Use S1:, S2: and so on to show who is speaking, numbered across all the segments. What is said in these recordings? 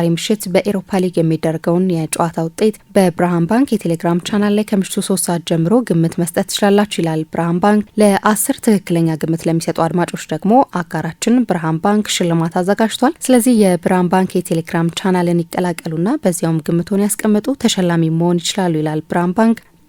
S1: ዛሬ ምሽት በኤሮፓ ሊግ የሚደረገውን የጨዋታ ውጤት በብርሃን ባንክ የቴሌግራም ቻናል ላይ ከምሽቱ ሶስት ሰዓት ጀምሮ ግምት መስጠት ትችላላችሁ ይላል ብርሃን ባንክ። ለአስር ትክክለኛ ግምት ለሚሰጡ አድማጮች ደግሞ አጋራችን ብርሃን ባንክ ሽልማት አዘጋጅቷል። ስለዚህ የብርሃን ባንክ የቴሌግራም ቻናልን ይቀላቀሉና በዚያውም ግምቶን ያስቀምጡ፣ ተሸላሚ መሆን ይችላሉ ይላል ብርሃን ባንክ።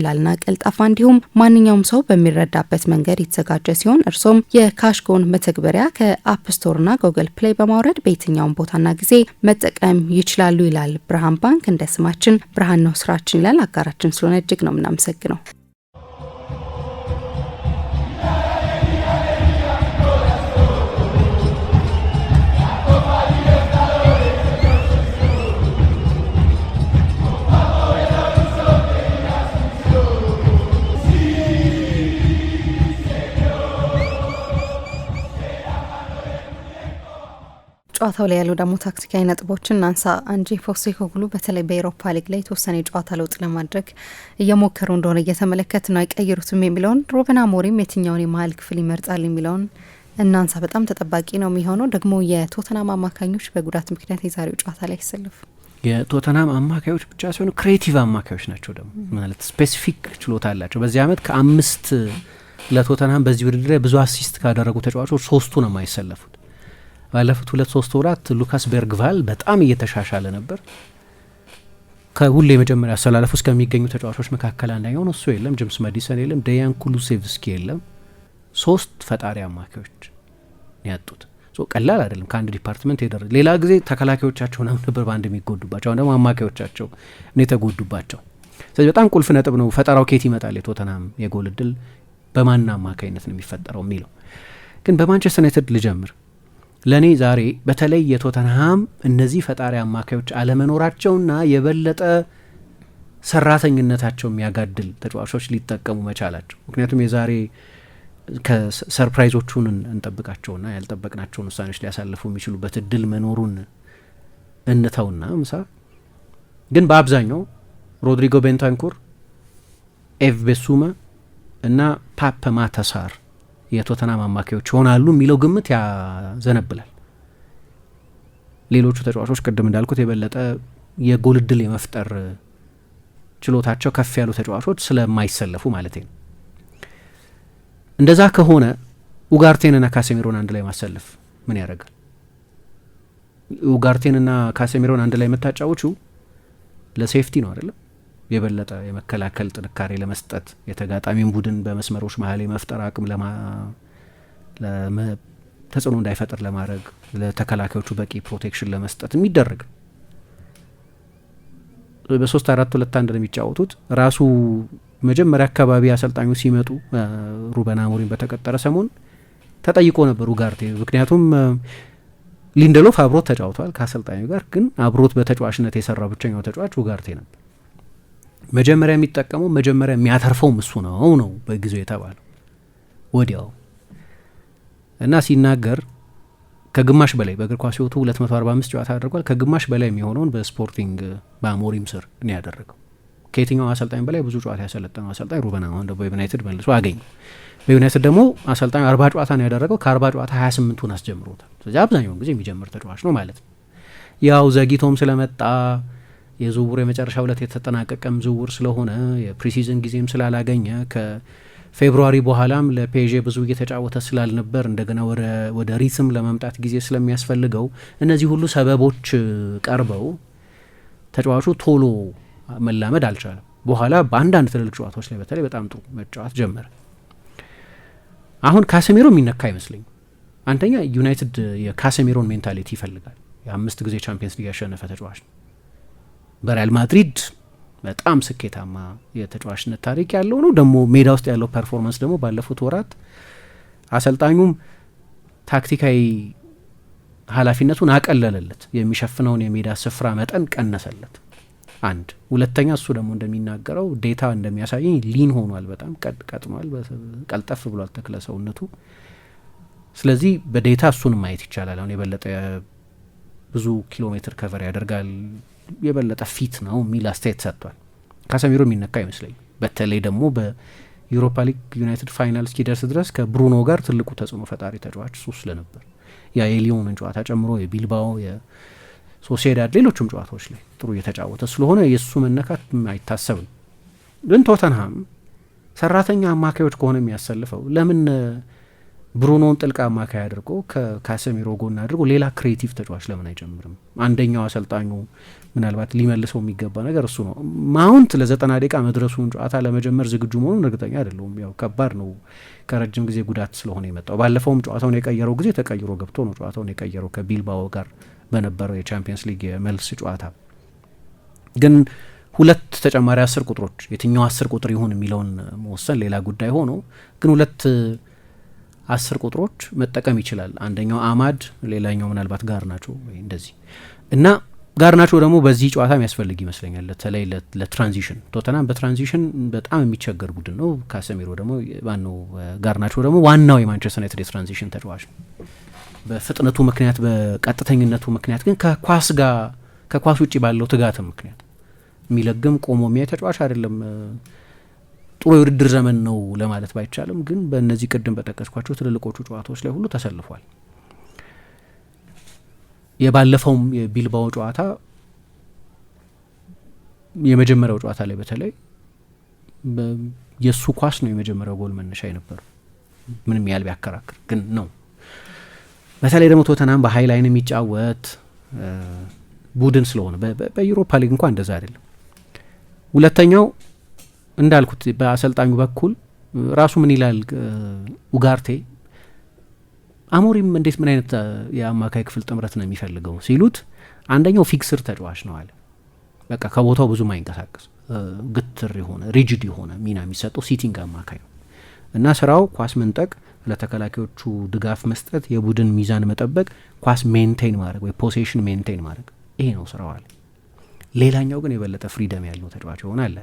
S1: ቀላልና ቀልጣፋ እንዲሁም ማንኛውም ሰው በሚረዳበት መንገድ የተዘጋጀ ሲሆን እርሶም የካሽጎን መተግበሪያ ከአፕ ስቶርና ጎግል ፕሌይ በማውረድ በየትኛውም ቦታና ጊዜ መጠቀም ይችላሉ ይላል ብርሃን ባንክ። እንደ ስማችን ብርሃን ነው ስራችን ይላል። አጋራችን ስለሆነ እጅግ ነው የምናመሰግነው።
S2: በጨዋታው ላይ ያሉ ደግሞ ታክቲካዊ ነጥቦችን እናንሳ። አንጂ ፖስቴኮግሉ በተለይ በኤሮፓ ሊግ ላይ የተወሰነ የጨዋታ ለውጥ ለማድረግ እየሞከሩ እንደሆነ እየተመለከት ነው። አይቀይሩትም የሚለውን ሮበን አሞሪም የትኛውን የመሀል ክፍል ይመርጣል የሚለውን እናንሳ። በጣም ተጠባቂ ነው የሚሆነው። ደግሞ የቶተናም አማካኞች በጉዳት ምክንያት የዛሬው ጨዋታ ላይ አይሰለፉ።
S3: የቶተናም አማካዮች ብቻ ሲሆኑ ክሬቲቭ አማካዮች ናቸው። ደግሞ ማለት ስፔሲፊክ ችሎታ አላቸው። በዚህ አመት ከአምስት ለቶተናም በዚህ ውድድር ላይ ብዙ አሲስት ካደረጉ ተጫዋቾች ሶስቱ ነው የማይሰለፉት ባለፉት ሁለት ሶስት ወራት ሉካስ በርግቫል በጣም እየተሻሻለ ነበር። ከሁሌ የመጀመሪያ አሰላለፍ ውስጥ ከሚገኙ ተጫዋቾች መካከል አንደኛው እሱ የለም። ጅምስ መዲሰን የለም። ደያን ኩሉሴቭስኪ የለም። ሶስት ፈጣሪ አማካዮች ያጡት ቀላል አይደለም። ከአንድ ዲፓርትመንት የደረ ሌላ ጊዜ ተከላካዮቻቸው ምናምን ነበር በአንድ የሚጎዱባቸው፣ አሁን ደግሞ አማካዮቻቸው ነው የተጎዱባቸው። ስለዚህ በጣም ቁልፍ ነጥብ ነው ፈጠራው ኬት ይመጣል፣ የቶተናም የጎል እድል በማን አማካኝነት ነው የሚፈጠረው የሚለው ግን በማንቸስተር ዩናይትድ ልጀምር ለእኔ ዛሬ በተለይ የቶተንሃም እነዚህ ፈጣሪ አማካዮች አለመኖራቸውና የበለጠ ሰራተኝነታቸው የሚያጋድል ተጫዋቾች ሊጠቀሙ መቻላቸው ምክንያቱም የዛሬ ከሰርፕራይዞቹን እንጠብቃቸውና ያልጠበቅናቸውን ውሳኔዎች ሊያሳልፉ የሚችሉበት እድል መኖሩን እንተውና ምሳ ግን በአብዛኛው ሮድሪጎ ቤንታንኩር፣ ኤቭ ቤሱመ እና ፓፕ ማተሳር የቶተናም አማካዮች ይሆናሉ የሚለው ግምት ያዘነብላል። ሌሎቹ ተጫዋቾች ቅድም እንዳልኩት የበለጠ የጎል እድል የመፍጠር ችሎታቸው ከፍ ያሉ ተጫዋቾች ስለማይሰለፉ ማለት ነው። እንደዛ ከሆነ ኡጋርቴንና ካሴሚሮን አንድ ላይ ማሰለፍ ምን ያደርጋል? ኡጋርቴንና ካሴሚሮን አንድ ላይ የምታጫውቹ ለሴፍቲ ነው አይደለም? የበለጠ የመከላከል ጥንካሬ ለመስጠት የተጋጣሚን ቡድን በመስመሮች መሀል የመፍጠር አቅም ተጽዕኖ እንዳይፈጥር ለማድረግ ለተከላካዮቹ በቂ ፕሮቴክሽን ለመስጠት የሚደረግ በሶስት አራት ሁለት አንድ ነው የሚጫወቱት። ራሱ መጀመሪያ አካባቢ አሰልጣኙ ሲመጡ ሩበን አሞሪም በተቀጠረ ሰሞን ተጠይቆ ነበሩ ኡጋርቴ። ምክንያቱም ሊንደሎፍ አብሮት ተጫውቷል ከአሰልጣኙ ጋር፣ ግን አብሮት በተጫዋችነት የሰራ ብቸኛው ተጫዋች ኡጋርቴ ነበር። መጀመሪያ የሚጠቀመው መጀመሪያ የሚያተርፈው እሱ ነው ነው በጊዜው የተባለው ወዲያው እና ሲናገር ከግማሽ በላይ በእግር ኳስ ህይወቱ 245 ጨዋታ አድርጓል። ከግማሽ በላይ የሚሆነውን በስፖርቲንግ በአሞሪም ስር ነው ያደረገው። ከየትኛው አሰልጣኝ በላይ ብዙ ጨዋታ ያሰለጠነው አሰልጣኝ ሩበን አሞሪም በዩናይትድ መልሶ አገኘ። በዩናይትድ ደግሞ አሰልጣኙ አርባ ጨዋታ ነው ያደረገው። ከአርባ ጨዋታ 28ቱን አስጀምሮታል። ስለዚህ አብዛኛውን ጊዜ የሚጀምር ተጫዋች ነው ማለት ነው። ያው ዘግይቶም ስለመጣ የዝውውሩ የመጨረሻ ዕለት የተጠናቀቀም ዝውውር ስለሆነ የፕሪሲዝን ጊዜም ስላላገኘ ከፌብሩዋሪ በኋላም ለፔዤ ብዙ እየተጫወተ ስላልነበር እንደገና ወደ ሪትም ለመምጣት ጊዜ ስለሚያስፈልገው እነዚህ ሁሉ ሰበቦች ቀርበው ተጫዋቹ ቶሎ መላመድ አልቻለም። በኋላ በአንዳንድ ትልልቅ ጨዋታዎች ላይ በተለይ በጣም ጥሩ መጫወት ጀመረ። አሁን ካሴሜሮ የሚነካ አይመስለኝም። አንደኛ ዩናይትድ የካሴሜሮን ሜንታሊቲ ይፈልጋል። የአምስት ጊዜ ቻምፒየንስ ሊግ ያሸነፈ ተጫዋች ነው። በሪያል ማድሪድ በጣም ስኬታማ የተጫዋችነት ታሪክ ያለው ነው። ደግሞ ሜዳ ውስጥ ያለው ፐርፎርማንስ ደግሞ ባለፉት ወራት አሰልጣኙም ታክቲካዊ ኃላፊነቱን አቀለለለት፣ የሚሸፍነውን የሜዳ ስፍራ መጠን ቀነሰለት። አንድ ሁለተኛ፣ እሱ ደግሞ እንደሚናገረው ዴታ እንደሚያሳየኝ ሊን ሆኗል፣ በጣም ቀጥኗል፣ ቀልጠፍ ብሏል ተክለ ሰውነቱ። ስለዚህ በዴታ እሱን ማየት ይቻላል። አሁን የበለጠ ብዙ ኪሎ ሜትር ከቨር ያደርጋል የበለጠ ፊት ነው የሚል አስተያየት ሰጥቷል። ካሰሚሮ የሚነካ አይመስለኝ። በተለይ ደግሞ በዩሮፓ ሊግ ዩናይትድ ፋይናል እስኪደርስ ድረስ ከብሩኖ ጋር ትልቁ ተጽዕኖ ፈጣሪ ተጫዋች እሱ ስለነበር ያ የሊዮንን ጨዋታ ጨምሮ የቢልባኦ የሶሴዳድ ሌሎችም ጨዋታዎች ላይ ጥሩ እየተጫወተ ስለሆነ የእሱ መነካት አይታሰብም። ግን ቶተንሃም ሰራተኛ አማካዮች ከሆነ የሚያሰልፈው ለምን ብሩኖን ጥልቅ አማካይ አድርጎ ከካሰሚሮ ጎን አድርጎ ሌላ ክሬቲቭ ተጫዋች ለምን አይጨምርም? አንደኛው አሰልጣኙ ምናልባት ሊመልሰው የሚገባ ነገር እሱ ነው። ማውንት ለዘጠና ደቂቃ መድረሱን ጨዋታ ለመጀመር ዝግጁ መሆኑን እርግጠኛ አይደለሁም። ያው ከባድ ነው፣ ከረጅም ጊዜ ጉዳት ስለሆነ የመጣው። ባለፈውም ጨዋታውን የቀየረው ጊዜ ተቀይሮ ገብቶ ነው ጨዋታውን የቀየረው ከቢልባኦ ጋር በነበረው የቻምፒየንስ ሊግ የመልስ ጨዋታ። ግን ሁለት ተጨማሪ አስር ቁጥሮች የትኛው አስር ቁጥር ይሁን የሚለውን መወሰን ሌላ ጉዳይ ሆኖ ግን ሁለት አስር ቁጥሮች መጠቀም ይችላል። አንደኛው አማድ፣ ሌላኛው ምናልባት ጋር ናቸው እንደዚህ እና ጋርናቾ ደግሞ በዚህ ጨዋታ የሚያስፈልግ ይመስለኛል። በተለይ ለትራንዚሽን ቶተናም በትራንዚሽን በጣም የሚቸገር ቡድን ነው። ካሰሜሮ ደግሞ ማነው ጋርናቾ ደግሞ ዋናው የማንቸስተር ዩናይትድ የትራንዚሽን ተጫዋች ነው። በፍጥነቱ ምክንያት፣ በቀጥተኝነቱ ምክንያት ግን ከኳስ ጋር ከኳስ ውጭ ባለው ትጋትም ምክንያት የሚለግም ቆሞ የሚያይ ተጫዋች አይደለም። ጥሩ የውድድር ዘመን ነው ለማለት ባይቻልም ግን በእነዚህ ቅድም በጠቀስኳቸው ትልልቆቹ ጨዋታዎች ላይ ሁሉ ተሰልፏል። የባለፈውም የቢልባኦ ጨዋታ የመጀመሪያው ጨዋታ ላይ በተለይ የእሱ ኳስ ነው የመጀመሪያው ጎል መነሻ የነበረው ምንም ያህል ቢያከራክር ግን ነው። በተለይ ደግሞ ቶተናም በሀይ ላይን የሚጫወት ቡድን ስለሆነ በዩሮፓ ሊግ እንኳ እንደዛ አይደለም። ሁለተኛው እንዳልኩት በአሰልጣኙ በኩል ራሱ ምን ይላል ኡጋርቴ አሞሪም እንዴት ምን አይነት የአማካይ ክፍል ጥምረት ነው የሚፈልገው ሲሉት አንደኛው ፊክስር ተጫዋች ነው አለ። በቃ ከቦታው ብዙም አይንቀሳቀስ ግትር የሆነ ሪጅድ የሆነ ሚና የሚሰጠው ሲቲንግ አማካይ ነው እና ስራው ኳስ መንጠቅ፣ ለተከላካዮቹ ድጋፍ መስጠት፣ የቡድን ሚዛን መጠበቅ፣ ኳስ ሜንቴን ማድረግ ወይ ፖሴሽን ሜንቴን ማድረግ ይሄ ነው ስራው አለ። ሌላኛው ግን የበለጠ ፍሪደም ያለው ተጫዋች የሆነ አለ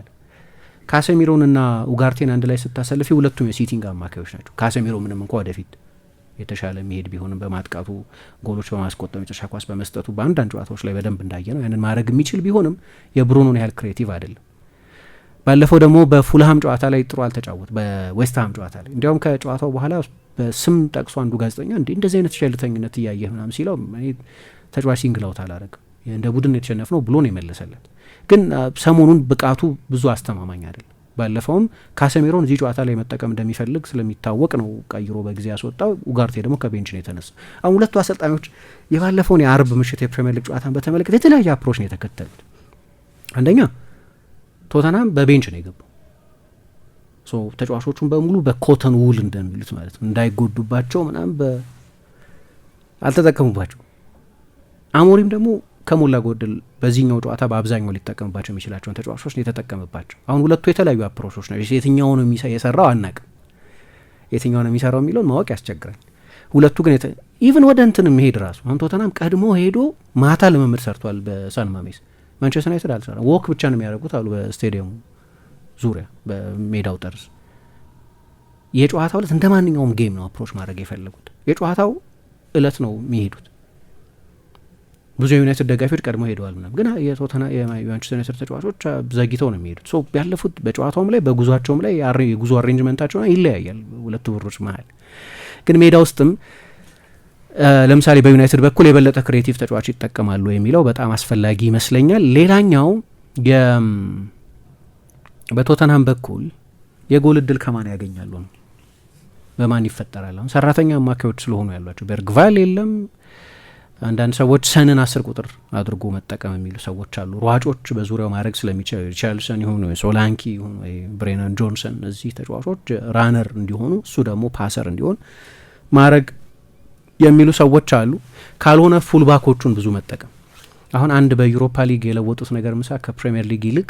S3: እና ኡጋርቴን አንድ ላይ ስታሰልፊ ሁለቱም የሲቲንግ አማካዮች ናቸው። ካሴሚሮ ምንም እንኳ ወደፊት የተሻለ መሄድ ቢሆንም በማጥቃቱ ጎሎች በማስቆጠሩ መጨረሻ ኳስ በመስጠቱ በአንዳንድ ጨዋታዎች ላይ በደንብ እንዳየ ነው ያንን ማድረግ የሚችል ቢሆንም የብሩኖን ያህል ክሬቲቭ አይደለም። ባለፈው ደግሞ በፉልሃም ጨዋታ ላይ ጥሩ አልተጫወት በዌስትሃም ጨዋታ ላይ እንዲያውም ከጨዋታው በኋላ በስም ጠቅሶ አንዱ ጋዜጠኛ እንዲ እንደዚህ አይነት ሸልተኝነት እያየህ ምናም ሲለው ተጫዋች ሲንግላውት አውት እንደ ቡድን የተሸነፍ ነው ብሎ ነው የመለሰለት። ግን ሰሞኑን ብቃቱ ብዙ አስተማማኝ አይደለም። ባለፈውም ካሰሜሮን እዚህ ጨዋታ ላይ መጠቀም እንደሚፈልግ ስለሚታወቅ ነው ቀይሮ በጊዜ ያስወጣው። ኡጋርቴ ደግሞ ከቤንች ነው የተነሳ። አሁን ሁለቱ አሰልጣኞች የባለፈውን የአርብ ምሽት የፕሪሚየር ሊግ ጨዋታን በተመለከተ የተለያየ አፕሮች ነው የተከተሉት። አንደኛ ቶተናም በቤንች ነው የገባው። ተጫዋቾቹን በሙሉ በኮተን ውል እንደሚሉት ማለት ነው እንዳይጎዱባቸው ምናምን አልተጠቀሙባቸው። አሞሪም ደግሞ ከሞላ ጎደል በዚህኛው ጨዋታ በአብዛኛው ሊጠቀምባቸው የሚችላቸውን ተጫዋቾች ነው የተጠቀምባቸው። አሁን ሁለቱ የተለያዩ አፕሮቾች ናቸው። የትኛው ነው የሰራው አናቅም፣ የትኛው ነው የሚሰራው የሚለውን ማወቅ ያስቸግራል። ሁለቱ ግን ኢቨን ወደ እንትን መሄድ ራሱ አሁን ቶተናም ቀድሞ ሄዶ ማታ ልምምድ ሰርቷል በሳን ማሜስ። ማንቸስተር ዩናይትድ አልሰራ ወክ ብቻ ነው የሚያደርጉት አሉ በስቴዲየሙ ዙሪያ በሜዳው ጠርዝ። የጨዋታው እለት እንደ ማንኛውም ጌም ነው አፕሮች ማድረግ የፈለጉት። የጨዋታው እለት ነው የሚሄዱት ብዙ የዩናይትድ ደጋፊዎች ቀድሞ ሄደዋል ምናም ግን የቶተና የማንቸስተር ዩናይትድ ተጫዋቾች ዘግተው ነው የሚሄዱት። ሶ ያለፉት በጨዋታውም ላይ በጉዟቸውም ላይ የጉዞ አሬንጅመንታቸው ይለያያል ሁለቱ ብሮች መሀል። ግን ሜዳ ውስጥም ለምሳሌ በዩናይትድ በኩል የበለጠ ክሬቲቭ ተጫዋች ይጠቀማሉ የሚለው በጣም አስፈላጊ ይመስለኛል። ሌላኛው በቶተናም በኩል የጎል እድል ከማን ያገኛሉ ነው በማን ይፈጠራል? አሁን ሰራተኛ አማካዮች ስለሆኑ ያሏቸው በርግቫል የለም አንዳንድ ሰዎች ሰንን አስር ቁጥር አድርጎ መጠቀም የሚሉ ሰዎች አሉ። ሯጮች በዙሪያው ማድረግ ስለሚችል ሪቻርልሰን ይሁን ሶላንኪ ይሁን ብሬነን ጆንሰን እዚህ ተጫዋቾች ራነር እንዲሆኑ እሱ ደግሞ ፓሰር እንዲሆን ማድረግ የሚሉ ሰዎች አሉ። ካልሆነ ፉልባኮቹን ብዙ መጠቀም አሁን አንድ በዩሮፓ ሊግ የለወጡት ነገር ምሳ ከፕሪምየር ሊግ ይልቅ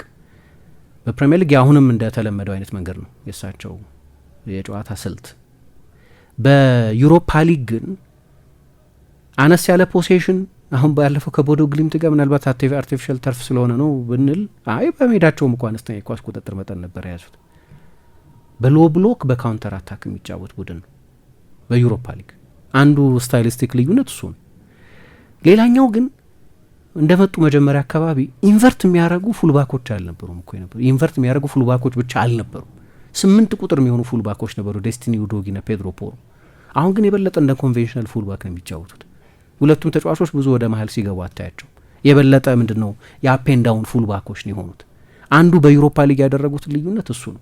S3: በፕሪምየር ሊግ አሁንም እንደተለመደው አይነት መንገድ ነው የእሳቸው የጨዋታ ስልት። በዩሮፓ ሊግ ግን አነስ ያለ ፖሴሽን አሁን ባለፈው ከቦዶ ግሊምት ጋር ምናልባት አርቲፊሻል ተርፍ ስለሆነ ነው ብንል፣ አይ በሜዳቸውም እኳ አነስተኛ የኳስ ቁጥጥር መጠን ነበር የያዙት። በሎ ብሎክ በካውንተር አታክ የሚጫወት ቡድን ነው በዩሮፓ ሊግ። አንዱ ስታይሊስቲክ ልዩነት እሱ ነው። ሌላኛው ግን እንደ መጡ መጀመሪያ አካባቢ ኢንቨርት የሚያደርጉ ፉልባኮች አልነበሩም እኮ ነበሩ። ኢንቨርት የሚያደርጉ ፉልባኮች ብቻ አልነበሩም። ስምንት ቁጥር የሚሆኑ ፉልባኮች ነበሩ፣ ዴስቲኒ ዩዶጊና ፔድሮ ፖሮ። አሁን ግን የበለጠ እንደ ኮንቬንሽናል ፉልባክ ነው የሚጫወቱት። ሁለቱም ተጫዋቾች ብዙ ወደ መሀል ሲገቡ አታያቸው። የበለጠ ምንድን ነው የአፔንዳውን ዳውን ፉል ባኮች ነው የሆኑት። አንዱ በዩሮፓ ሊግ ያደረጉት ልዩነት እሱ ነው።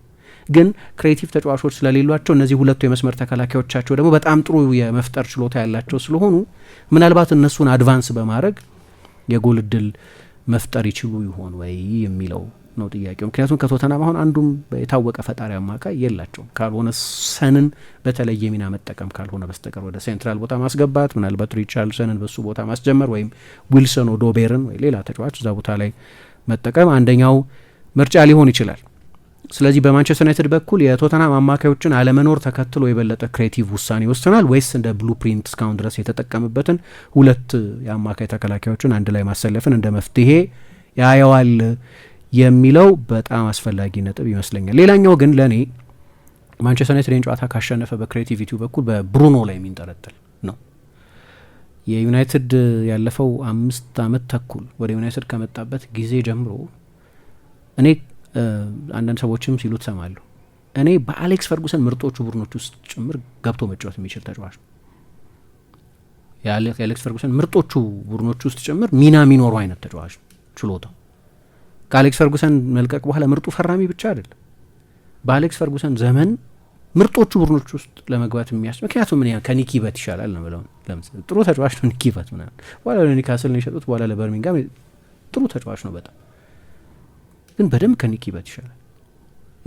S3: ግን ክሬቲቭ ተጫዋቾች ስለሌሏቸው እነዚህ ሁለቱ የመስመር ተከላካዮቻቸው ደግሞ በጣም ጥሩ የመፍጠር ችሎታ ያላቸው ስለሆኑ ምናልባት እነሱን አድቫንስ በማድረግ የጎል እድል መፍጠር ይችሉ ይሆን ወይ የሚለው ነው ጥያቄው። ምክንያቱም ከቶተናም አሁን አንዱም የታወቀ ፈጣሪ አማካይ የላቸውም። ካልሆነ ሰንን በተለየ ሚና መጠቀም ካልሆነ በስተቀር ወደ ሴንትራል ቦታ ማስገባት፣ ምናልባት ሪቻርልሰንን በሱ ቦታ ማስጀመር ወይም ዊልሰን ኦዶቤርን ወይ ሌላ ተጫዋች እዛ ቦታ ላይ መጠቀም አንደኛው ምርጫ ሊሆን ይችላል። ስለዚህ በማንቸስተር ዩናይትድ በኩል የቶተናም አማካዮችን አለመኖር ተከትሎ የበለጠ ክሬቲቭ ውሳኔ ይወስናል ወይስ እንደ ብሉፕሪንት እስካሁን ድረስ የተጠቀምበትን ሁለት የአማካይ ተከላካዮችን አንድ ላይ ማሰለፍን እንደ መፍትሄ ያየዋል የሚለው በጣም አስፈላጊ ነጥብ ይመስለኛል። ሌላኛው ግን ለእኔ ማንቸስተር ዩናይትድን ጨዋታ ካሸነፈ በክሬቲቪቲው በኩል በብሩኖ ላይ የሚንጠለጠል ነው። የዩናይትድ ያለፈው አምስት አመት ተኩል ወደ ዩናይትድ ከመጣበት ጊዜ ጀምሮ እኔ አንዳንድ ሰዎችም ሲሉ ትሰማለሁ። እኔ በአሌክስ ፈርጉሰን ምርጦቹ ቡድኖች ውስጥ ጭምር ገብቶ መጫወት የሚችል ተጫዋች ነው። የአሌክስ ፈርጉሰን ምርጦቹ ቡድኖች ውስጥ ጭምር ሚና የሚኖሩ አይነት ተጫዋች ነው ችሎታው ከአሌክስ ፈርጉሰን መልቀቅ በኋላ ምርጡ ፈራሚ ብቻ አይደለም። በአሌክስ ፈርጉሰን ዘመን ምርጦቹ ቡድኖች ውስጥ ለመግባት የሚያስ ምክንያቱም ምን ከኒኪበት ይሻላል ነው ብለው ለምሳሌ ጥሩ ተጫዋች ነው ኒኪበት ምናምን በኋላ ለኒካስል ነው የሸጡት፣ በኋላ ለበርሚንጋም ጥሩ ተጫዋች ነው በጣም ግን በደንብ ከኒኪበት ይሻላል።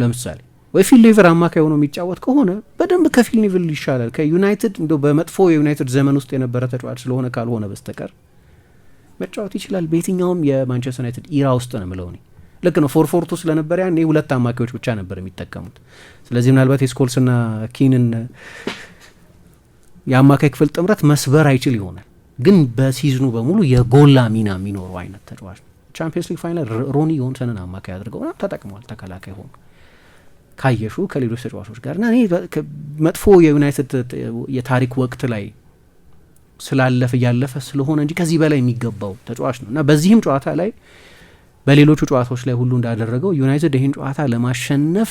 S3: ለምሳሌ ወይ ፊል ኔቭል አማካይ ሆኖ የሚጫወት ከሆነ በደንብ ከፊል ኔቭል ይሻላል። ከዩናይትድ እንደ በመጥፎ የዩናይትድ ዘመን ውስጥ የነበረ ተጫዋች ስለሆነ ካልሆነ በስተቀር መጫወት ይችላል። በየትኛውም የማንቸስተር ዩናይትድ ኢራ ውስጥ ነው ምለው እኔ ልክ ነው። ፎር ፎር ስለነበረ ያኔ ሁለት አማካዮች ብቻ ነበር የሚጠቀሙት። ስለዚህ ምናልባት የስኮልስና ኪንን የአማካይ ክፍል ጥምረት መስበር አይችል ይሆናል፣ ግን በሲዝኑ በሙሉ የጎላ ሚና የሚኖረው አይነት ተጫዋች ነው። ቻምፒየንስ ሊግ ፋይናል ሮኒ ዮንሰንን አማካይ አድርገው ተጠቅመዋል። ተከላካይ ሆኑ ካየሹ ከሌሎች ተጫዋቾች ጋር እና እኔ መጥፎ የዩናይትድ የታሪክ ወቅት ላይ ስላለፈ እያለፈ ስለሆነ እንጂ ከዚህ በላይ የሚገባው ተጫዋች ነው እና በዚህም ጨዋታ ላይ በሌሎቹ ጨዋታዎች ላይ ሁሉ እንዳደረገው ዩናይትድ ይህን ጨዋታ ለማሸነፍ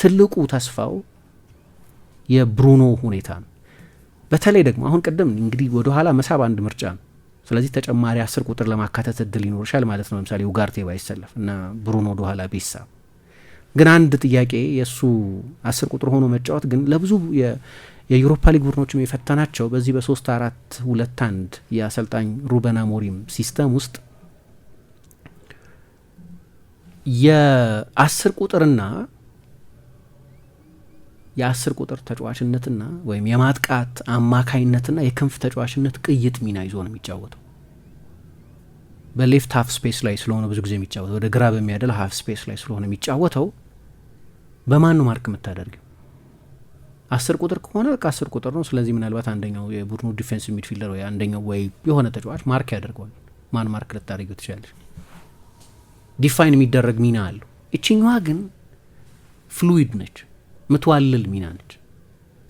S3: ትልቁ ተስፋው የብሩኖ ሁኔታ ነው። በተለይ ደግሞ አሁን ቅድም እንግዲህ ወደኋላ መሳብ አንድ ምርጫ ነው። ስለዚህ ተጨማሪ አስር ቁጥር ለማካተት እድል ይኖርሻል ማለት ነው። ለምሳሌ ኡጋርቴ ባይሰለፍ እና ብሩኖ ወደኋላ ቢሳብ ግን አንድ ጥያቄ የእሱ አስር ቁጥር ሆኖ መጫወት ግን ለብዙ የዩሮፓ ሊግ ቡድኖችም የፈተናቸው በዚህ በሶስት አራት ሁለት አንድ የአሰልጣኝ ሩበን አሞሪም ሲስተም ውስጥ የአስር ቁጥርና የአስር ቁጥር ተጫዋችነትና ወይም የማጥቃት አማካይነትና የክንፍ ተጫዋችነት ቅይጥ ሚና ይዞ ነው የሚጫወተው። በሌፍት ሀፍ ስፔስ ላይ ስለሆነ ብዙ ጊዜ የሚጫወተው፣ ወደ ግራ በሚያደል ሀፍ ስፔስ ላይ ስለሆነ የሚጫወተው። በማን ማርክ የምታደርገው? አስር ቁጥር ከሆነ አስር ቁጥር ነው። ስለዚህ ምናልባት አንደኛው የቡድኑ ዲፌንስ ሚድፊልደር ወይ አንደኛው ወይ የሆነ ተጫዋች ማርክ ያደርገዋል። ማን ማርክ ልታደርጊው ትችላለች። ዲፋይን የሚደረግ ሚና አለው። እችኛዋ ግን ፍሉዊድ ነች፣ ምትዋልል ሚና ነች።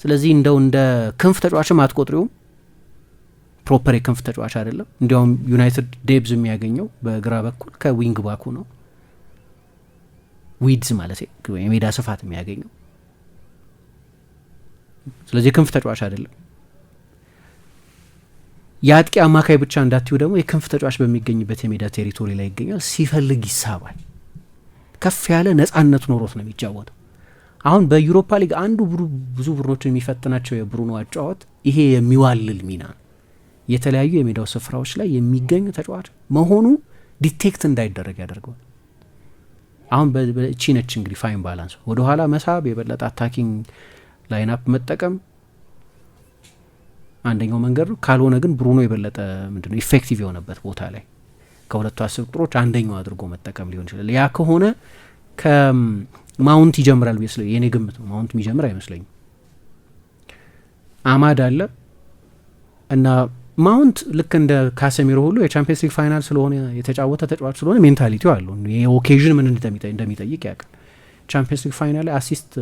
S3: ስለዚህ እንደው እንደ ክንፍ ተጫዋችም አትቆጥሪውም። ፕሮፐር የክንፍ ተጫዋች አይደለም። እንዲያውም ዩናይትድ ዴብዝ የሚያገኘው በግራ በኩል ከዊንግ ባኩ ነው። ዊድዝ ማለት የሜዳ ስፋት የሚያገኘው ስለዚህ የክንፍ ተጫዋች አይደለም። የአጥቂ አማካይ ብቻ እንዳትዩ ደግሞ የክንፍ ተጫዋች በሚገኝበት የሜዳ ቴሪቶሪ ላይ ይገኛል። ሲፈልግ ይሳባል። ከፍ ያለ ነጻነት ኖሮት ነው የሚጫወተው። አሁን በዩሮፓ ሊግ አንዱ ብዙ ቡድኖችን የሚፈትናቸው የብሩኖ አጫወት ይሄ የሚዋልል ሚና ነው። የተለያዩ የሜዳው ስፍራዎች ላይ የሚገኝ ተጫዋች መሆኑ ዲቴክት እንዳይደረግ ያደርገዋል። አሁን በቺነች እንግዲህ ፋይን ባላንስ ወደኋላ መሳብ የበለጠ አታኪንግ ላይናፕ መጠቀም አንደኛው መንገድ ነው። ካልሆነ ግን ብሩኖ የበለጠ ምንድነው ኢፌክቲቭ የሆነበት ቦታ ላይ ከሁለቱ አስር ቁጥሮች አንደኛው አድርጎ መጠቀም ሊሆን ይችላል። ያ ከሆነ ከማውንት ይጀምራል ስለ የኔ ግምት ነው። ማውንት የሚጀምር አይመስለኝም። አማድ አለ እና ማውንት ልክ እንደ ካሰሚሮ ሁሉ የቻምፒየንስ ሊግ ፋይናል ስለሆነ የተጫወተ ተጫዋች ስለሆነ ሜንታሊቲው አለው። የኦኬዥን ምን እንደሚጠይቅ ያውቃል። ቻምፒየንስ ሊግ ፋይናል ላይ አሲስት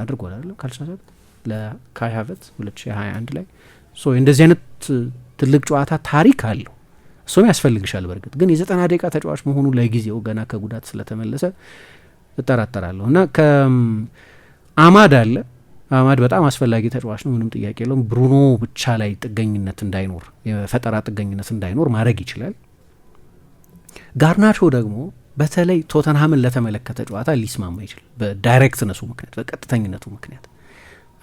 S3: አድርጓል አይደለም ካልተሳሳት ለካይ ሀቨርትዝ ሁለት ላይ እንደዚህ አይነት ትልቅ ጨዋታ ታሪክ አለው። እሱም ያስፈልግሻል። በእርግጥ ግን የዘጠና ደቂቃ ተጫዋች መሆኑ ለጊዜው ገና ከጉዳት ስለተመለሰ እጠራጠራለሁ እና ከአማድ አለ አማድ በጣም አስፈላጊ ተጫዋች ነው፣ ምንም ጥያቄ የለውም። ብሩኖ ብቻ ላይ ጥገኝነት እንዳይኖር የፈጠራ ጥገኝነት እንዳይኖር ማድረግ ይችላል። ጋርናቾ ደግሞ በተለይ ቶተንሃምን ለተመለከተ ጨዋታ ሊስማማ ይችል በዳይሬክትነሱ ምክንያት በቀጥተኝነቱ ምክንያት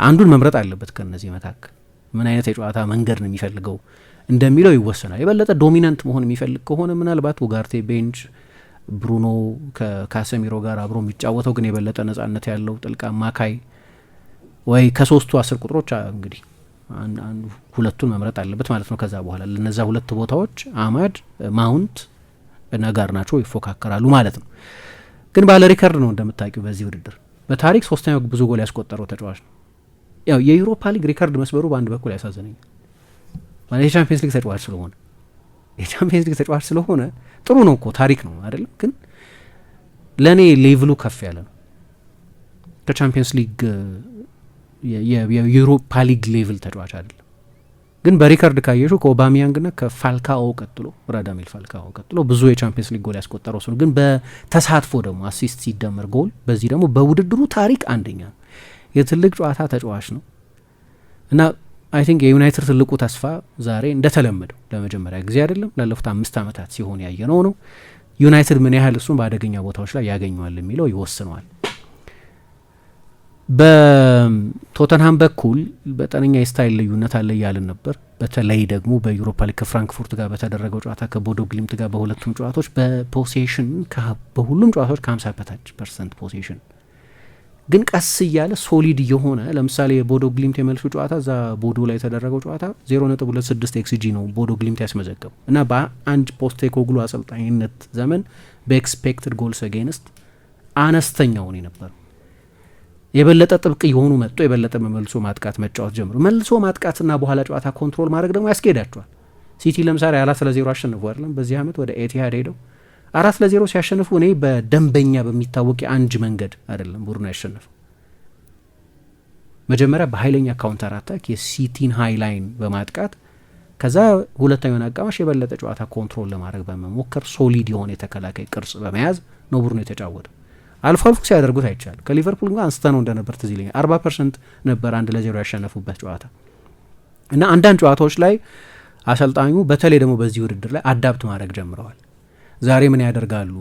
S3: አንዱን መምረጥ አለበት ከነዚህ መካከል ምን አይነት የጨዋታ መንገድ ነው የሚፈልገው እንደሚለው ይወሰናል። የበለጠ ዶሚናንት መሆን የሚፈልግ ከሆነ ምናልባት ኡጋርቴ ቤንች፣ ብሩኖ ከካሰሚሮ ጋር አብሮ የሚጫወተው ግን የበለጠ ነጻነት ያለው ጥልቅ አማካይ ወይ ከሶስቱ አስር ቁጥሮች እንግዲህ ሁለቱን መምረጥ አለበት ማለት ነው። ከዛ በኋላ ለነዛ ሁለት ቦታዎች አማድ ማውንት ነጋር ናቸው ይፎካከራሉ ማለት ነው። ግን ባለ ሪከርድ ነው እንደምታውቂው በዚህ ውድድር በታሪክ ሶስተኛ ብዙ ጎል ያስቆጠረው ተጫዋች ነው። ያው የዩሮፓ ሊግ ሪከርድ መስበሩ በአንድ በኩል ያሳዝነኛል። ማለት የቻምፒየንስ ሊግ ተጫዋች ስለሆነ የቻምፒየንስ ሊግ ተጫዋች ስለሆነ ጥሩ ነው እኮ ታሪክ ነው አይደለም። ግን ለእኔ ሌቭሉ ከፍ ያለ ነው ከቻምፒየንስ ሊግ የዩሮፓ ሊግ ሌቭል ተጫዋች አይደለም። ግን በሪከርድ ካየሹ ከኦባሚያንግና ከፋልካኦ ቀጥሎ ራዳሜል ፋልካኦ ቀጥሎ ብዙ የቻምፒየንስ ሊግ ጎል ያስቆጠረው እሱ ግን በተሳትፎ ደግሞ አሲስት ሲደመር ጎል፣ በዚህ ደግሞ በውድድሩ ታሪክ አንደኛ ነው። የትልቅ ጨዋታ ተጫዋች ነው እና አይ ቲንክ የዩናይትድ ትልቁ ተስፋ ዛሬ እንደተለመደው ለመጀመሪያ ጊዜ አይደለም ላለፉት አምስት ዓመታት ሲሆን ያየነው ነው። ዩናይትድ ምን ያህል እሱን በአደገኛ ቦታዎች ላይ ያገኘዋል የሚለው ይወስነዋል። በቶተንሃም በኩል በጠነኛ የስታይል ልዩነት አለ እያልን ነበር። በተለይ ደግሞ በዩሮፓ ሊግ ከፍራንክፉርት ጋር በተደረገው ጨዋታ ከቦዶ ግሊምት ጋር በሁለቱም ጨዋታዎች በፖሴሽን በሁሉም ጨዋታዎች ከ50 በታች ፐርሰንት ፖሴሽን ግን ቀስ እያለ ሶሊድ የሆነ ለምሳሌ የቦዶ ግሊምት የመልሱ ጨዋታ እዛ ቦዶ ላይ የተደረገው ጨዋታ 0.26 ኤክስጂ ነው ቦዶ ግሊምት ያስመዘገቡ እና በአንድ ፖስቴኮግሉ አሰልጣኝነት ዘመን በኤክስፔክትድ ጎልስ አጌንስት አነስተኛውን የነበረው የበለጠ ጥብቅ እየሆኑ መጥቶ የበለጠ መልሶ ማጥቃት መጫወት ጀምሮ መልሶ ማጥቃትና በኋላ ጨዋታ ኮንትሮል ማድረግ ደግሞ ያስኬዳቸዋል። ሲቲ ለምሳሌ አራት ለዜሮ አሸንፎ አይደለም በዚህ ዓመት ወደ ኤቲሃድ ሄደው አራት ለዜሮ ሲያሸንፉ እኔ በደንበኛ በሚታወቅ የአንድ መንገድ አይደለም ቡድኑ ያሸንፈው። መጀመሪያ በኃይለኛ ካውንተር አታክ የሲቲን ሃይላይን በማጥቃት ከዛ ሁለተኛውን አጋማሽ የበለጠ ጨዋታ ኮንትሮል ለማድረግ በመሞከር ሶሊድ የሆነ የተከላካይ ቅርጽ በመያዝ ነው ቡድኑ የተጫወተው። አልፎ አልፎ ሲያደርጉት አይቻሉ። ከሊቨርፑል እንኳ አንስተ ነው እንደነበር ትዝ ይለኛል። አርባ ፐርሰንት ነበር አንድ ለዜሮ ያሸነፉበት ጨዋታ እና አንዳንድ ጨዋታዎች ላይ አሰልጣኙ በተለይ ደግሞ በዚህ ውድድር ላይ አዳብት ማድረግ ጀምረዋል። ዛሬ ምን ያደርጋሉ?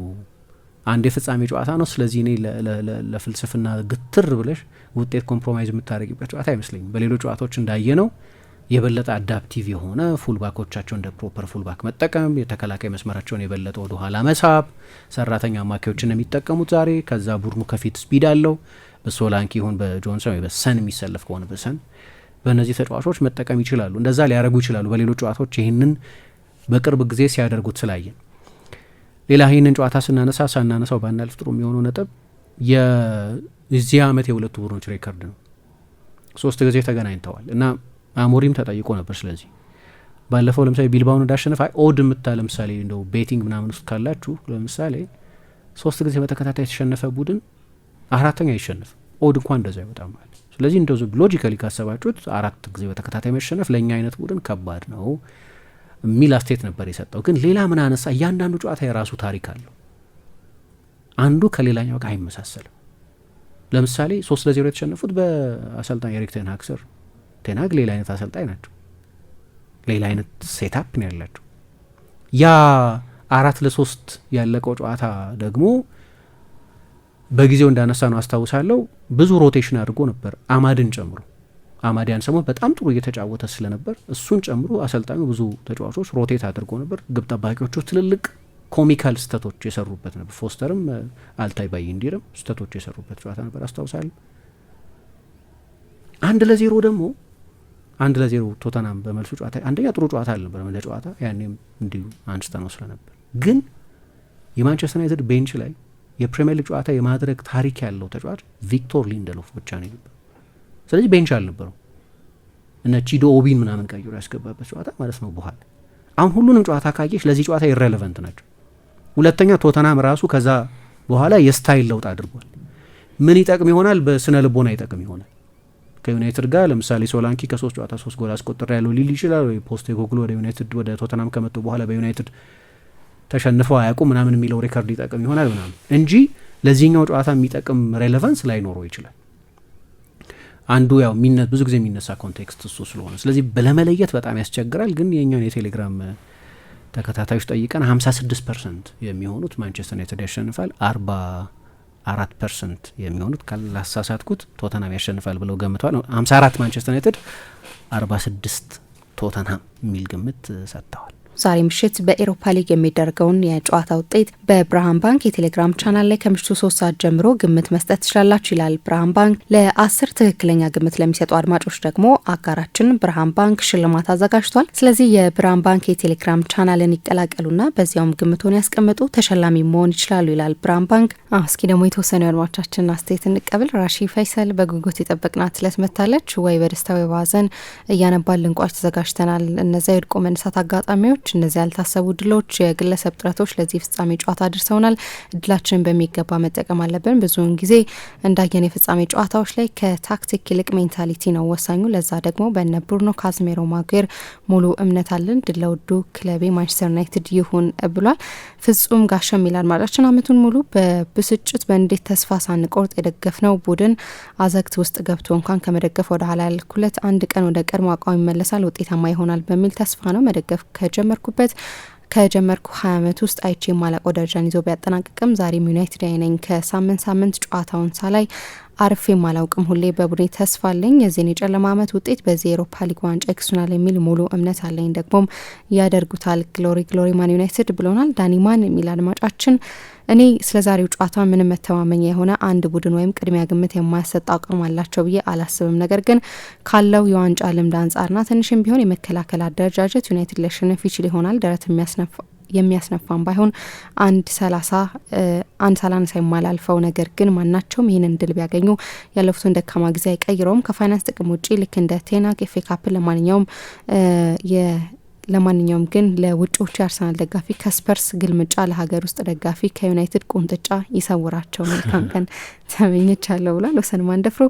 S3: አንድ የፍጻሜ ጨዋታ ነው። ስለዚህ እኔ ለፍልስፍና ግትር ብለሽ ውጤት ኮምፕሮማይዝ የምታደረግበት ጨዋታ አይመስለኝም። በሌሎች ጨዋታዎች እንዳየ ነው የበለጠ አዳፕቲቭ የሆነ ፉልባኮቻቸው እንደ ፕሮፐር ፉልባክ መጠቀም፣ የተከላካይ መስመራቸውን የበለጠ ወደኋላ መሳብ፣ ሰራተኛ አማካዮችን የሚጠቀሙት ዛሬ ከዛ ቡድኑ ከፊት ስፒድ አለው። በሶላንኪ ይሁን በጆንሰን ወይ በሰን የሚሰለፍ ከሆነ በሰን በእነዚህ ተጫዋቾች መጠቀም ይችላሉ። እንደዛ ሊያደርጉ ይችላሉ። በሌሎች ጨዋታዎች ይህንን በቅርብ ጊዜ ሲያደርጉት ስላየን፣ ሌላ ይህንን ጨዋታ ስናነሳ ሳናነሳው ባናልፍ ጥሩ የሚሆነው ነጥብ የዚህ አመት የሁለቱ ቡድኖች ሬከርድ ነው። ሶስት ጊዜ ተገናኝተዋል እና አሞሪም ተጠይቆ ነበር። ስለዚህ ባለፈው ለምሳሌ ቢልባውን እንዳሸነፍ አይ ኦድ የምታ ለምሳሌ እንደው ቤቲንግ ምናምን ውስጥ ካላችሁ ለምሳሌ ሶስት ጊዜ በተከታታይ የተሸነፈ ቡድን አራተኛ አይሸነፍ ኦድ እንኳን እንደዛ አይወጣም ማለት ስለዚህ እንደዚ ሎጂካሊ ካሰባችሁት አራት ጊዜ በተከታታይ መሸነፍ ለእኛ አይነት ቡድን ከባድ ነው የሚል አስተያየት ነበር የሰጠው። ግን ሌላ ምን አነሳ? እያንዳንዱ ጨዋታ የራሱ ታሪክ አለው። አንዱ ከሌላኛው ጋር አይመሳሰልም። ለምሳሌ ሶስት ለዜሮ የተሸነፉት በአሰልጣኝ ኤሪክ ቴን ሃግ ስር ቴናግ ሌላ አይነት አሰልጣኝ ናቸው። ሌላ አይነት ሴታፕ ነው ያላቸው። ያ አራት ለሶስት ያለቀው ጨዋታ ደግሞ በጊዜው እንዳነሳ ነው አስታውሳለሁ። ብዙ ሮቴሽን አድርጎ ነበር አማድን ጨምሮ። አማድ ያን ሰሞን በጣም ጥሩ እየተጫወተ ስለነበር እሱን ጨምሮ አሰልጣኙ ብዙ ተጫዋቾች ሮቴት አድርጎ ነበር። ግብ ጠባቂዎቹ ትልልቅ ኮሚካል ስህተቶች የሰሩበት ነበር። ፎስተርም አልታይ ባይ እንዲርም ስህተቶች የሰሩበት ጨዋታ ነበር አስታውሳለሁ። አንድ ለዜሮ ደግሞ አንድ ለዜሮ ቶተናም በመልሱ ጨዋታ አንደኛ ጥሩ ጨዋታ አልነበረም ለጨዋታ ያኔም እንዲሁ አንስተ ነው ስለነበር ግን የማንቸስተር ዩናይትድ ቤንች ላይ የፕሪሚየር ሊግ ጨዋታ የማድረግ ታሪክ ያለው ተጫዋች ቪክቶር ሊንደሎፍ ብቻ ነው የነበረው። ስለዚህ ቤንች አልነበረው እነ ቺዶ ኦቢን ምናምን ቀይሮ ያስገባበት ጨዋታ ማለት ነው። በኋላ አሁን ሁሉንም ጨዋታ ካየሽ ለዚህ ጨዋታ ኢሬሌቨንት ናቸው። ሁለተኛ ቶተናም ራሱ ከዛ በኋላ የስታይል ለውጥ አድርጓል። ምን ይጠቅም ይሆናል? በስነ ልቦና ይጠቅም ይሆናል። ከዩናይትድ ጋር ለምሳሌ ሶላንኪ ከሶስት ጨዋታ ሶስት ጎል አስቆጥር ያለው ሊል ይችላል ወይ ፖስቴኮግሉ ወደ ዩናይትድ ወደ ቶተናም ከመጡ በኋላ በዩናይትድ ተሸንፈው አያውቁ ምናምን የሚለው ሬከርድ ይጠቅም ይሆናል ምናምን እንጂ ለዚህኛው ጨዋታ የሚጠቅም ሬሌቫንስ ላይኖረው ይችላል። አንዱ ያው ብዙ ጊዜ የሚነሳ ኮንቴክስት እሱ ስለሆነ ስለዚህ ለመለየት በጣም ያስቸግራል። ግን የኛውን የቴሌግራም ተከታታዮች ጠይቀን 56 ፐርሰንት የሚሆኑት ማንቸስተር ዩናይትድ ያሸንፋል አርባ አራት ፐርሰንት የሚሆኑት ካላሳሳትኩት ቶተናም ያሸንፋል ብለው ገምተዋል። ሀምሳ አራት ማንቸስተር ዩናይትድ፣ አርባ ስድስት ቶተናም የሚል ግምት ሰጥተዋል።
S1: ዛሬ ምሽት በኤሮፓ ሊግ የሚደረገውን የጨዋታ ውጤት በብርሃን ባንክ የቴሌግራም ቻናል ላይ ከምሽቱ ሶስት ሰዓት ጀምሮ ግምት መስጠት ትችላላችሁ ይላል ብርሃን ባንክ። ለአስር ትክክለኛ ግምት ለሚሰጡ አድማጮች ደግሞ አጋራችን ብርሃን ባንክ ሽልማት አዘጋጅቷል። ስለዚህ የብርሃን ባንክ የቴሌግራም ቻናልን ይቀላቀሉና በዚያውም ግምቶን ያስቀምጡ፣ ተሸላሚ መሆን ይችላሉ ይላል ብርሃን ባንክ። እስኪ ደግሞ የተወሰኑ አድማጮቻችን አስተያየት እንቀብል። ራሺ ፈይሰል በጉጉት የጠበቅናት ዕለት መታለች ወይ በደስታ ወይ በሀዘን እያነባን ልንቋጭ ተዘጋጅተናል። እነዚያ የወድቆ መነሳት አጋጣሚዎች እነዚህ ያልታሰቡ ድሎች፣ የግለሰብ ጥረቶች ለዚህ ፍጻሜ ጨዋታ አድርሰውናል። እድላችንን በሚገባ መጠቀም አለብን። ብዙውን ጊዜ እንዳየን የፍጻሜ ጨዋታዎች ላይ ከታክቲክ ይልቅ ሜንታሊቲ ነው ወሳኙ። ለዛ ደግሞ በነ ብሩኖ ካዝሜሮ ማጉዌር ሙሉ እምነት አለን። ድለውዱ ክለቤ ማንቸስተር ዩናይትድ ይሁን ብሏል። ፍጹም ጋሻ ሚላን ማዳችን አመቱን ሙሉ በብስጭት በእንዴት ተስፋ ሳንቆርጥ የደገፍነው ቡድን አዘግት ውስጥ ገብቶ እንኳን ከመደገፍ ወደ ኋላ ያልኩለት አንድ ቀን ወደ ቀድሞ አቋም ይመለሳል፣ ውጤታማ ይሆናል በሚል ተስፋ ነው መደገፍ ከጀመርኩበት ከጀመርኩ ሀያ አመት ውስጥ አይቼ ማላቆ ደረጃን ይዞ ቢያጠናቅቅም ዛሬም ዩናይትድ አይነኝ። ከሳምንት ሳምንት ጨዋታውን ሳላይ አርፌም አላውቅም። ሁሌ በቡድኔ ተስፋ አለኝ። የዚህን የጨለማ ዓመት ውጤት በዚህ የአውሮፓ ሊግ ዋንጫ ይክሱናል የሚል ሙሉ እምነት አለኝ። ደግሞም ያደርጉታል። ግሎሪ ግሎሪ ማን ዩናይትድ ብሎናል ዳኒማን የሚል አድማጫችን። እኔ ስለ ዛሬው ጨዋታ ምንም መተማመኛ የሆነ አንድ ቡድን ወይም ቅድሚያ ግምት የማያሰጥ አቅም አላቸው ብዬ አላስብም። ነገር ግን ካለው የዋንጫ ልምድ አንጻርና ትንሽም ቢሆን የመከላከል አደረጃጀት ዩናይትድ ሊያሸንፍ ይችል ይሆናል። ደረት የሚያስነፋ የሚያስነፋም ባይሆን አንድ ሰላሳ አንድ ሳላነሳ የማላልፈው ነገር ግን ማናቸውም ይህንን ድል ቢያገኙ ያለፉትን ደካማ ጊዜ አይቀይረውም። ከፋይናንስ ጥቅም ውጪ ልክ እንደ ቴናግ ኤፌ ካፕን ለማንኛውም ለማንኛውም ግን ለውጮቹ የአርሰናል ደጋፊ ከስፐርስ ግልምጫ ለሀገር ውስጥ ደጋፊ ከዩናይትድ ቁምጥጫ ይሰውራቸው መልካም ቀን ተመኝቻለሁ ብሏል። ወሰን ማንደፍሮ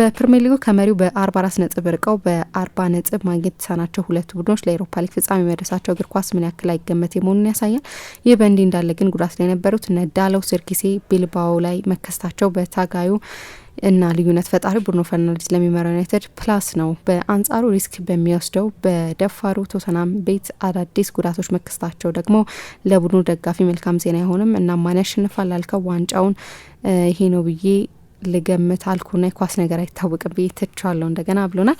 S1: በፕሪሚየር ሊጉ ከመሪው በ44 ነጥብ እርቀው በ40 ነጥብ ማግኘት የተሳናቸው ሁለቱ ቡድኖች ለአውሮፓ ሊግ ፍጻሜ መድረሳቸው እግር ኳስ ምን ያክል አይገመት የመሆኑን ያሳያል። ይህ በእንዲህ እንዳለ ግን ጉዳት ላይ የነበሩት ነዳለው ዳለው ሴርጊሴ ቢልባኦ ላይ መከሰታቸው በታጋዩ እና ልዩነት ፈጣሪ ብሩኖ ፈርናንዴዝ ለሚመራው ዩናይትድ ፕላስ ነው። በአንጻሩ ሪስክ በሚወስደው በደፋሩ ቶተናም ቤት አዳዲስ ጉዳቶች መከሰታቸው ደግሞ ለቡድኑ ደጋፊ መልካም ዜና አይሆንም እና ማን ያሸንፋል ላልከው ዋንጫውን ይሄ ነው ብዬ ልገምት አልኩና የኳስ ነገር አይታወቅም ብዬ ትቸዋለሁ እንደገና ብሎናል።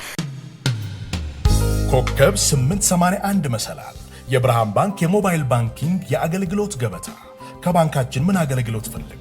S4: ኮከብ 881 መሰላል የብርሃን ባንክ የሞባይል ባንኪንግ የአገልግሎት ገበታ። ከባንካችን ምን አገልግሎት ፈልጉ